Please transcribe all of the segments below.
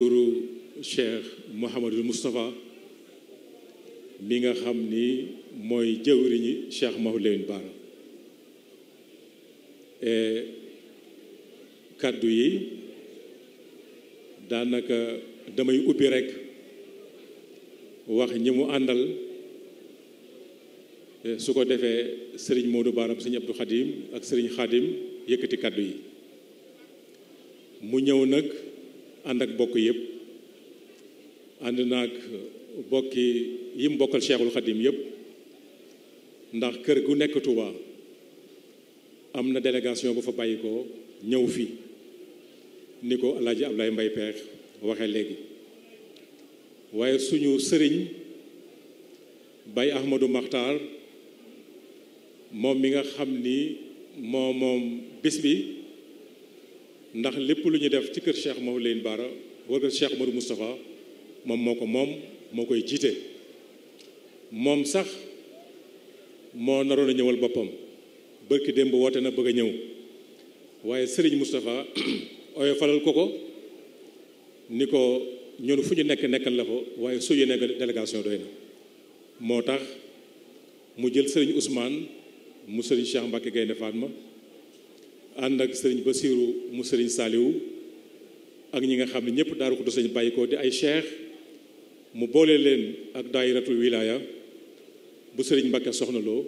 turu Cheikh Mouhamadul Moustapha mi nga xam ni mooy jëwriñi Cheikh Mawlid Lamine e, kàddu yi daanaka damay ubbi rekk wax ñi mu àndal e, su ko defee sëriñ Modou Baram sëriñ Abdou Khadim ak sëriñ Khadim yëkkati kàddu yi mu ñëw nag ànd ak bokk yépp ànd naag bokki yim bokkal Cheikhul Khadim yépp ndax kër gu nekk am na délégation bu fa bàyyi ko ñëw fii ni ko El Hadj Abdoulaye Mbaye Pekh waxee léegi waaye suñu sëriñ Baye Ahmadou Makhtar moom mi nga xam ni moo moom bis bi ndax lépp lu ñu def ci kër Cheikh Mawlane Bara war kër Cheikh Modou Moustapha moom moo ko moom moo koy jiite moom sax moo naroon a ñëwal boppam bërki démb woote na bëgg a ñëw waaye sëriñ Moustapha ooyo falal ko ko ni ko ñun fu ñu nekk nekkal la ko waaye su ñu nekk délégation doy na moo tax mu jël sëriñ Ousmane mu Serigne Cheikh Mbacke Gaynde Fatma ànd ak sëriñ Basiiru mu sëriñ Saaliwu ak ñi nga xam ne ñëpp daaru ko du bàyyi ko di ay cheikh mu boole leen ak daayiratul wilaaya bu sëriñ Mbàkke Soxna Lo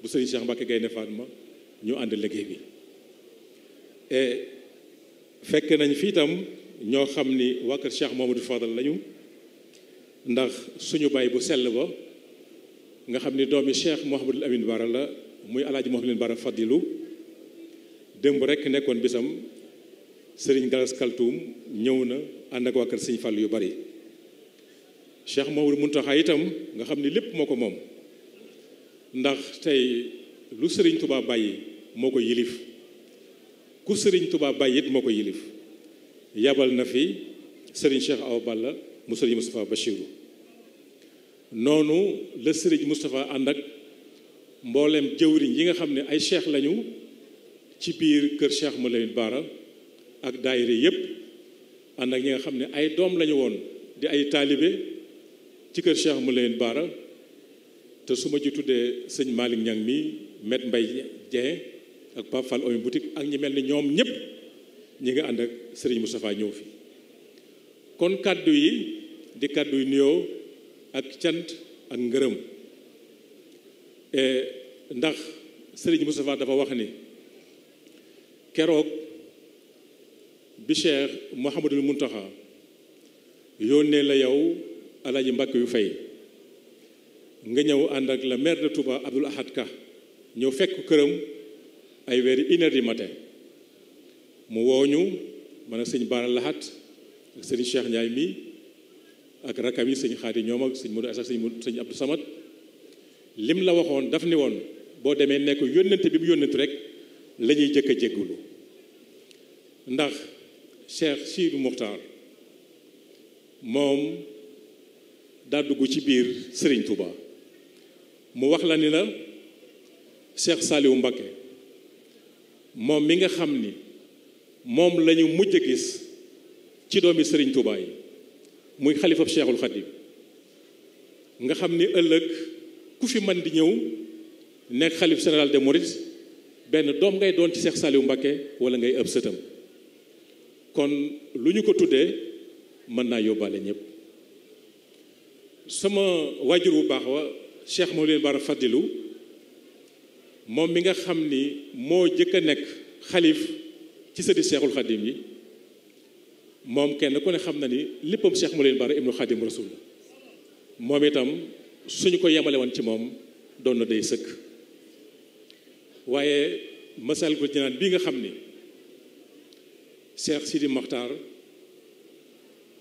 bu sëriñ Cheikh Mbàkke Gaynde Fatma ñu ànd liggéey bi et fekk nañ fii itam ñoo xam ni waa kër Cheikh Mamadou Fadal lañu ndax suñu baay bu sell ba nga xam ni doomi Cheikh Mouhamadul Amin Bara la muy alaaji Mouhamadul Bara Fadilu démb rek nekkoon bisam sëriñ Galas Kaltoum ñëw na ànd ak waa kër Fàll yu bari Cheikh Mawru Muntaxa itam nga xam ne lépp moo ko moom ndax tey lu sëriñ Touba bàyyi moo ko yilif ku sëriñ Touba bàyyi it moo ko yilif yabal na fi sëriñ Cheikh Awa Balla mu sëriñ mustapha Bachirou noonu le sëriñ mustapha ànd ak mboolem jëwriñ yi nga xam ne ay cheikh lañu ci biir kër Cheikh Moulay Bara ak daayira yépp ànd ak ñi nga xam ne ay doom lañu woon di ay taalibe ci kër Cheikh Moulay Bara te su ma ji tuddee sëñ Malick Niang mi met Mbay Dieng ak Pape Fall Oyin boutique ak ñi mel ni ñoom ñëpp ñi nga ànd ak Serigne Moustapha ñëw fii kon kàddu yi di kàddu yu nuyoo ak cant ak ngërëm eh, ndax Serigne Moustapha dafa wax ni keroog bi Cheikh Mouhamadul Muntaxa yónnee la yow alaaji Mbàkke yu fay nga ñëw ànd ak le maire de Touba Abdoul Ahad Ka ñëw fekk këram ay weeri une mate du matin mu wooñu man ak sëñ baaral laxat ak sëñ Cheikh Ndiaye mi ak rakam yi sëñ Xaadi ñoom ak sëñ Modou Assa sëñ Modou sëñ Abdou Samad lim la waxoon daf ni woon boo demee nekk yónnante bi mu yónnante rek lañuy jëkk a jéggulu ndax Cheikh Sidy Mokhtar moom daa dugg ci biir Serigne Touba mu wax la ni la Cheikh Saliou Mbacké moom mi nga xam ni moom lañu ñu mujj gis ci doomi Serigne Touba yi muy xalifab Cheikhul Khadim nga xam ni ëllëg ku fi man di ñëw nekk xalif général des Mourides benn doom ngay doon ci Cheikh Saliou Mbacké wala ngay ëpp sëtam kon lu ñu ko tuddee mën naa yóbbaale ñëpp sama waajur bu baax wa Cheikh Mawlil Bara Fadilu moom mi nga xam ni moo jëkk a nekk xalif ci sëti Cheikhul Khadim yi moom kenn ku ne xam na ni léppam Cheikh Mawlil Bara ibnu Khadim Rasul moom itam suñu ko yemale woon ci moom doon na day sëkk waaye Masaalikul Jinaan bi nga xam ni Cheikh Sidi Mokhtar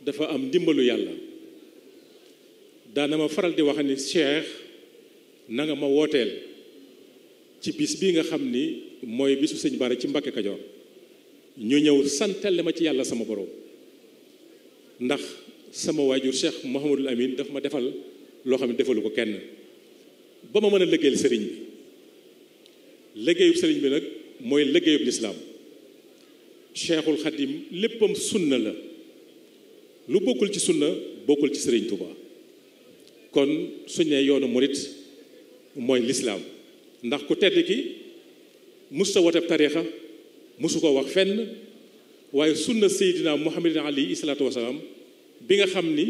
dafa am ndimbalu yàlla daanama faral di wax ni Cheikh na ma wooteel ci bis bi nga xam ni mooy bisu sëñ Bara ci Mbàkke Kajoor ñu ñëw santale ma ci yàlla sama borom ndax sama waajur Cheikh Mouhamadul Amin dafa ma defal loo xam ne defalu ko kenn ba ma mën a liggéeyal sëriñ bi liggéeyub sëriñ bi nag mooy liggéeyub lislaam cheikhul xadim léppam sunna la lu bokkul ci sunna bokkul ci sëriñ Touba kon suñ ne yoonu murit mooy lislaam ndax ku tedd ki mus ta wote tariixa musu ko wax fenn waaye sunna seydina muhammadin ali isalaatu wasalaam bi nga xam ni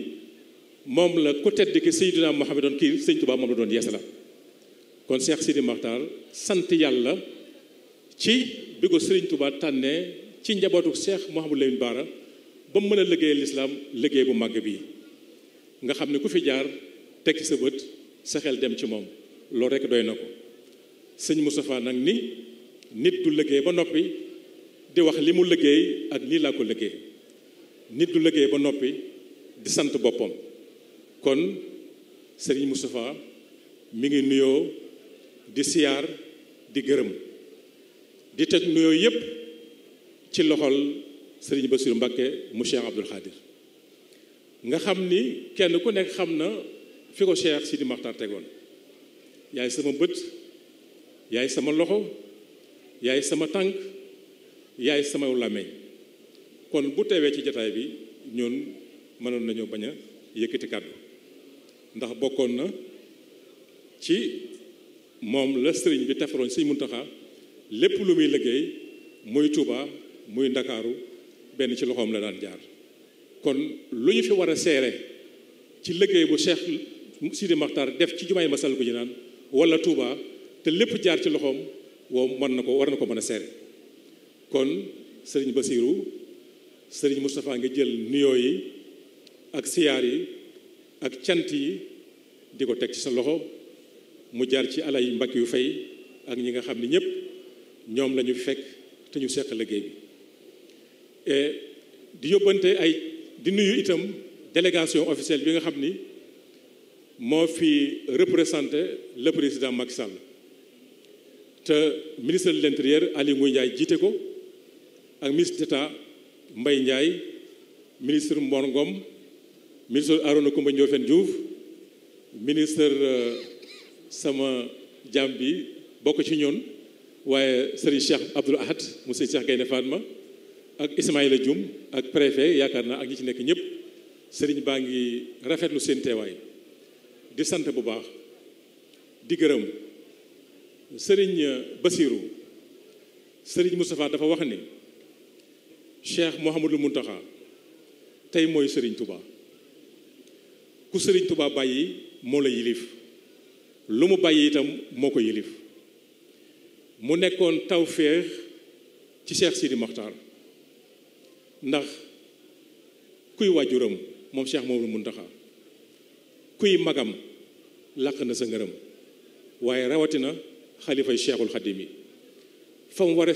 moom la ku tedd ki seydina muhammadoon kii sëriñ Touba moom la doon yeesala kon Cheikh Sidi Mokhtar sant yàlla ci bi ko Serigne Touba tànnee ci njabootu Cheikh Mouhamadou Lamine Bara ba mu mën a liggéeyal lislaam liggéey bu màgg bi nga xam ne ku fi jaar tekki sa bët sa xel dem ci moom loolu rek doy na ko sëñ Moustapha nag ni nit du liggéey ba noppi di wax li mu liggéey ak nii liggéey nit liggéey ba noppi di sant boppam kon sëriñ Moustapha mi ngi nuyoo di siyaar di gërëm di teg yooyu yépp ci loxol sëriñ Bassirou Mbacké mu Cheikh Abdoul Khadir nga xam ni kenn ku nekk xam na fi ko Cheikh Sidi Makhtar tegoon yaay sama bët yaay sama loxo yaay sama tànk yaay sama làmmiñ kon bu teewee ci jataay bi ñun mënoon nañoo bañ a yëkkati kàddu ndax bokkoon na ci moom la sëriñ bi tefaroon sëñ Muntaxa lépp lu muy liggéey muy Touba muy Ndakaaru benn ci loxoom la daan jaar kon lu ñu fi war a seere ci liggéey bu Cheikh Sidi Maxtar def ci bu Massalikul naan wala Touba te lépp jaar ci loxoom woo mën na ko war na ko mën a seere kon sëriñ Basiiru sëriñ Moustapha nga jël nuyoo yi ak siyaar yi ak cant yi di ko teg ci sa loxo mu jaar ci alay mbakk yu fay ak ñi nga xam ni ñëpp ñoom la ñu fekk te ñu seq liggéey bi di yóbbante ay di nuyu itam délégation officielle bi nga xam ni moo fi représenté le président Macky Sall te ministre de l'intérieur Aliou Ngouille Ndiaye jiite ko ak ministre d'État Mbaye Ndiaye ministre Mbongom, ministre Arona Koumba Ndoffène Diouf ministre euh, sama jàmm bi bokk ci ñun waaye Serigne Cheikh Abdoul Ahad mu Serigne Cheikh Gaynde Fatma ak Ismaïla jum ak préfet yaakaar naa ak ñi ci nekk ñëpp Serigne baa ngi rafetlu seen teewaay di sant bu baax di gërëm sëriñ Basirou sëriñ Moustapha dafa wax ni Cheikh Mouhamadul Mountakha tey mooy sëriñ Touba ku Serigne Touba bàyyi moo la yilif lu mu bàyyi itam moo ko yilif mu nekkoon tawféex ci Cheikh Sidi Mokhtar ndax kuy waajuram moom Cheikh moom la Muntaxa kuy magam làq na sa ngërëm waaye rawatina xalifay Cheikhul Xadim yi fa mu war a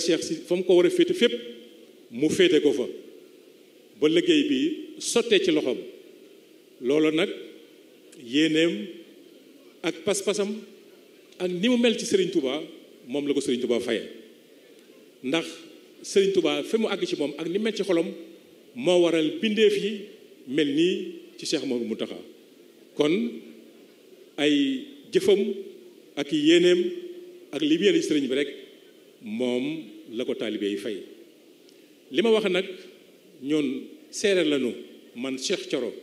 fa mu ko war a féete fépp mu féete ko fa ba liggéey bi sottee ci loxoom loolu nag yéeneem ak pas-pasam ak ni mu mel ci Serigne Touba moom la ko Serigne Touba faye ndax Serigne Touba fi mu àgg ci moom ak ni mel ci xolom moo waral bindeef yi mel nii ci Cheikh mu taxa kon ay jëfam ak yéeneem ak li mu sëriñ bi rek moom la ko taalibe yi fay li ma wax nag ñoon séeréer lañu man Cheikh coro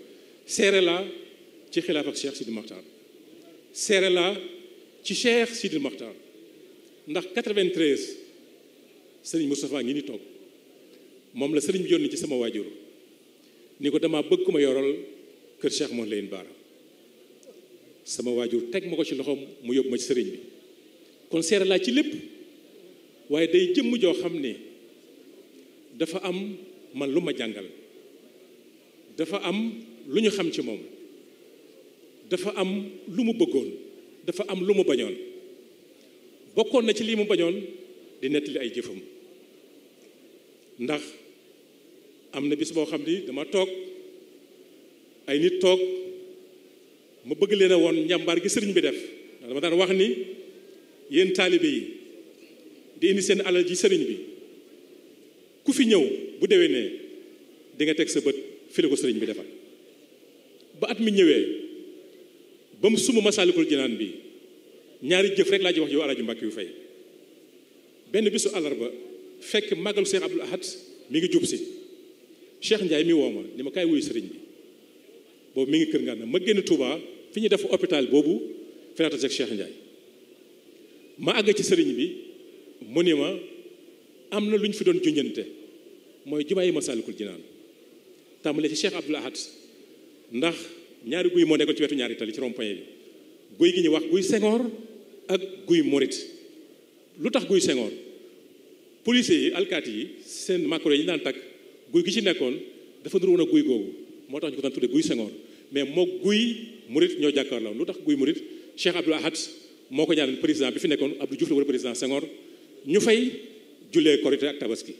séeréer la ci xilaaf ak Cheikh Sidi Makhtar seere laa ci Cheikh Sidil Mokhtar ndax 93 sëriñ Moustapha ngi ni toog moom la sëriñ bi yónni ci sama waajur ni ko dama bëgg ku ma yoral kër Cheikh moom layin baara sama waajur teg ma ko ci loxoom mu yóbbu ma ci sëriñ bi kon seere laa ci lépp waaye day jëmm joo xam ne dafa am man lu ma jàngal dafa am lu ñu xam ci moom dafa am lu mu bëggoon dafa am lu mu bañoon bokkoon na ci lii mu bañoon di nettali ay jëfam ndax am na bis boo xam ni dama toog ay nit toog ma bëgg leen woon njàmbaar gi sëriñ bi def ndax dama daan wax ni yéen taalibe yi di indi seen alal ji sëriñ bi ku fi ñëw bu déwénee di nga teg sa bët fi la ko sëriñ bi defal ba at mi ñëwee ba mu sumb Masaalikul Jinaan bi ñaari jëf rek laa ci wax yow Alaaji Mbàkke yu fay benn bisu àllarba fekk màggalu Cheikh Abdoul Ahad mi ngi jub si Cheikh Ndiaye mi woo ma ni ma kaay wuyu sëriñ bi boobu mi ngi kër ngaan na ma génn Touba fi ñu def hôpital boobu fi naa taseeg Cheikh Ndiaye ma àgg ci sëriñ bi mu ni ma am na lu ñu fi doon junjante mooy jumaa yi Masaalikul Jinaan tàmbale ci Cheikh Abdoul Ahad ndax ñaari guy mo nekkoon ci wetu ñaari tali ci rond-point bi guy gi ñu wax guy Senghor ak guy Morit lutax tax guy Senghor policiers yi alkaati yi seen macro yi ñu daan takk guy gi ci nekkon dafa nuru wona a guy googu moo tax ñu ko daan tudde guy Senghor mais mo guy Morit ñoo jàkkaarloo lu tax guy Morit Cheikh abdou Ahad moko ñaan ñaanal président bi fi nekkon Abdou Diouf la wala président Senghor ñu fay julé korité ak tabaski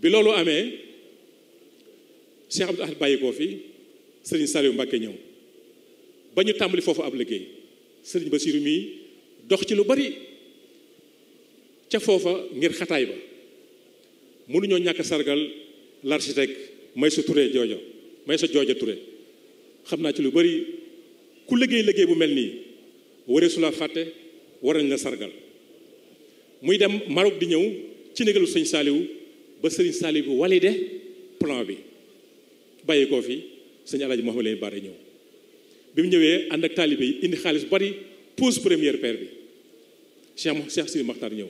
bi lolu amé Cheikh abdou Ahad bàyyi koo fi sëriñ Saliou Mbacke ñëw ba ñu tàmbali foofu ab liggéey sëriñ Bassirou mii dox ci lu bari ca foofa ngir xataay ba mënuñoo ñàkk sargal l'architecte Maysa Touré joojo Maysa joojo Touré xam naa ci lu bari ku liggéey liggéey bu mel nii waree su la fàtte war nañ la sargal muy dem Maroc di ñëw ci négalu sëñ Saliou ba sëriñ Saliou bi walide plan bi bàyyi koo fi sëñ Alaaji Mouhamed Lamine Bara ñëw bi mu ñëwee ànd ak taalibe yi indi xaalis bari pose première pierre bi Cheikh Cheikh Sidi Makhtar ñëw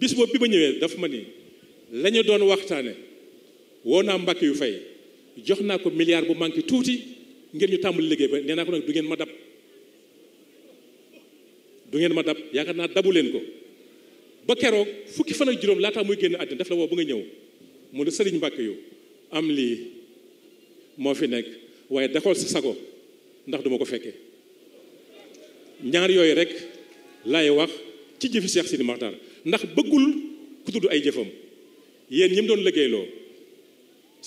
bis boobu bi ma ñëwee dafa ma ni lañu doon waxtaane woo naa mbàkk yu fay jox naa ko milliard bu manqué tuuti ngir ñu tàmbali liggéey ba nee naa ko nag du ngeen ma dab du ngeen ma dab yaakaar naa dabu leen ko ba keroog fukki fan ak juróom laataa muy génn àddina daf la woo ba nga ñëw mu ne sëriñ mbàkk yu am lii moo fi nekk waaye dakool sa sago ndax duma ko fekkee ñaar yooyu rek laay wax ci jëfi Seex Sidi Maxtaar ndax bëggul ku tudd ay jëfam yéen ñi mu doon liggéeyloo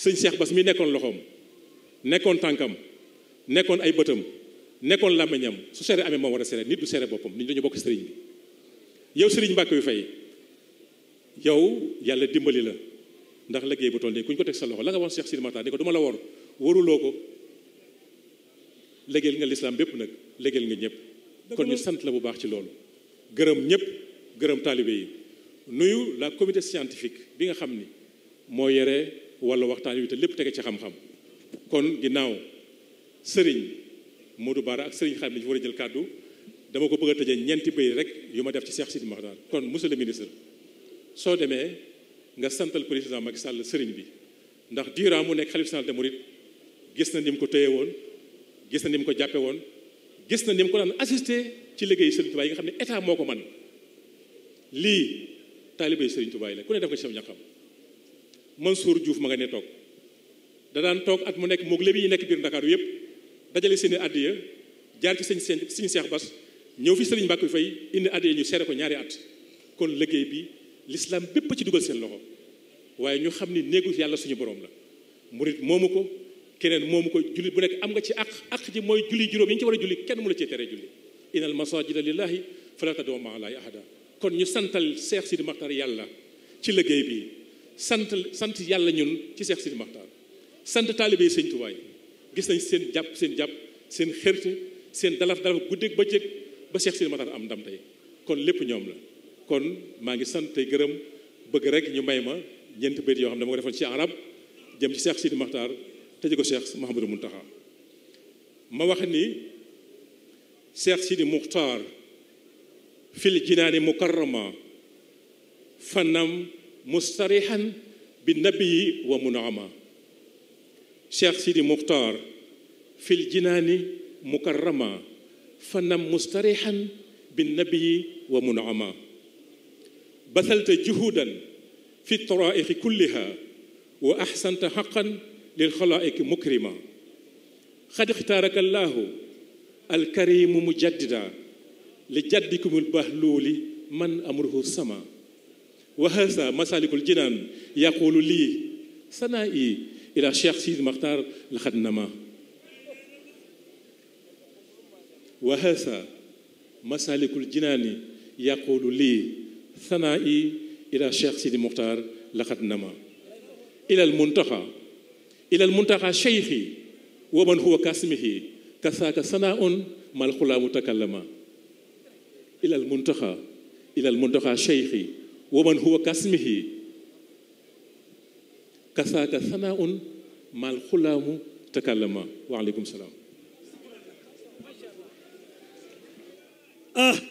sëñ Seex Bas mi nekkoon loxoom nekkoon tànkam nekkoon ay bëtam nekkoon làmmiñam su sere amee moo war a sere nit du sere boppam nit dañu bokk sëriñ bi yow sëriñ Mbàkke yu fay yow yàlla dimbali la ndax liggéey bu toll nii ku ñu ko teg sa loxo la nga wax Seex Sidi Maxtaar ni ko du la wor waruloo ko légeel nga lislaam bépp nag légeel nga ñëpp kon ñu sant la bu baax ci loolu gërëm ñëpp gërëm taalibe yi nuyu la comité scientifique bi nga xam ni moo yore walla waxtaan wi te lépp tege ci xam-xam kon ginnaaw sëriñ Modou Bara ak sëriñ xam ne ñu war jël kàddu dama ko bëgg a ñeenti bay rek yu ma def ci Cheikh Sidi kon monsieur le ministre soo demee nga santal président Macky Sall sëriñ bi ndax durant mu nekk xalif général des gis na ni mu ko téye woon gis na ni mu ko jàppe woon gis na ni ko daan assisté ci liggéey Serigne Touba yi nga xam ne état moo ko man lii taalibe Serigne Touba yi la ku ne def nga ci sam ñaxam Mansour Diouf ma nga ne toog da daan toog at mu nekk moog lébi yi nekk biir Ndakaaru yëpp dajale seeni addiya jaar ci sëñ sëñ Cheikh Bass ñëw fi Serigne Mbacké Faye indi addiya ñu seere ko ñaari at kon liggéey bi l'islam bépp ci dugal seen loxo waaye ñu xam ni néegu yàlla suñu borom la keneen moom ko julli bu nekk am nga ci àq àq ji mooy julli juróom yi ñu ci war a julli kenn mu la cee tere julli inal masajida lillahi fala tad'u ma'a allahi ahada kon ñu santal Seex Sidi Maxtaar yàlla ci liggéey bi sant sant yàlla ñun ci Seex Sidi Maxtaar sant taalibe yi sëñ tuwaay gis nañ seen jàpp seen jàpp seen xërte seen dalaf dalaf ba bëccëg ba Seex Sidi Maxtaar am ndam tey kon lépp ñoom la kon maa ngi sant tey gërëm bëgg rek ñu may ma ñeenti bayt yoo xam ne dama ko ci arab jëm ci Seex Sidi تجيكو شيخ محمد المنتهى ما وخني شيخ سيدي مختار في الجنان مكرما فنم مستريحا بالنبي ومنعما شيخ سيدي مختار في الجنان مكرما فنم مستريحا بالنبي ومنعما بذلت جهودا في الطرائق كلها واحسنت حقا للخلائق مكرما قد اختارك الله الكريم مجددا لجدكم البهلول من أمره السما وهذا مسالك الجنان يقول لي سنائي إلى شيخ سيد مختار الخدنما وهذا مسالك الجنان يقول لي ثنائي إلى شيخ سيدي مختار لقد نما إلى المنتخب إلى المنتقى شيخي ومن هو كاسمه كساك سناء ما الخلا متكلما إلى المنتقى إلى المنتقى شيخي ومن هو كاسمه كساك سناء ما الخلا متكلما وعليكم السلام آه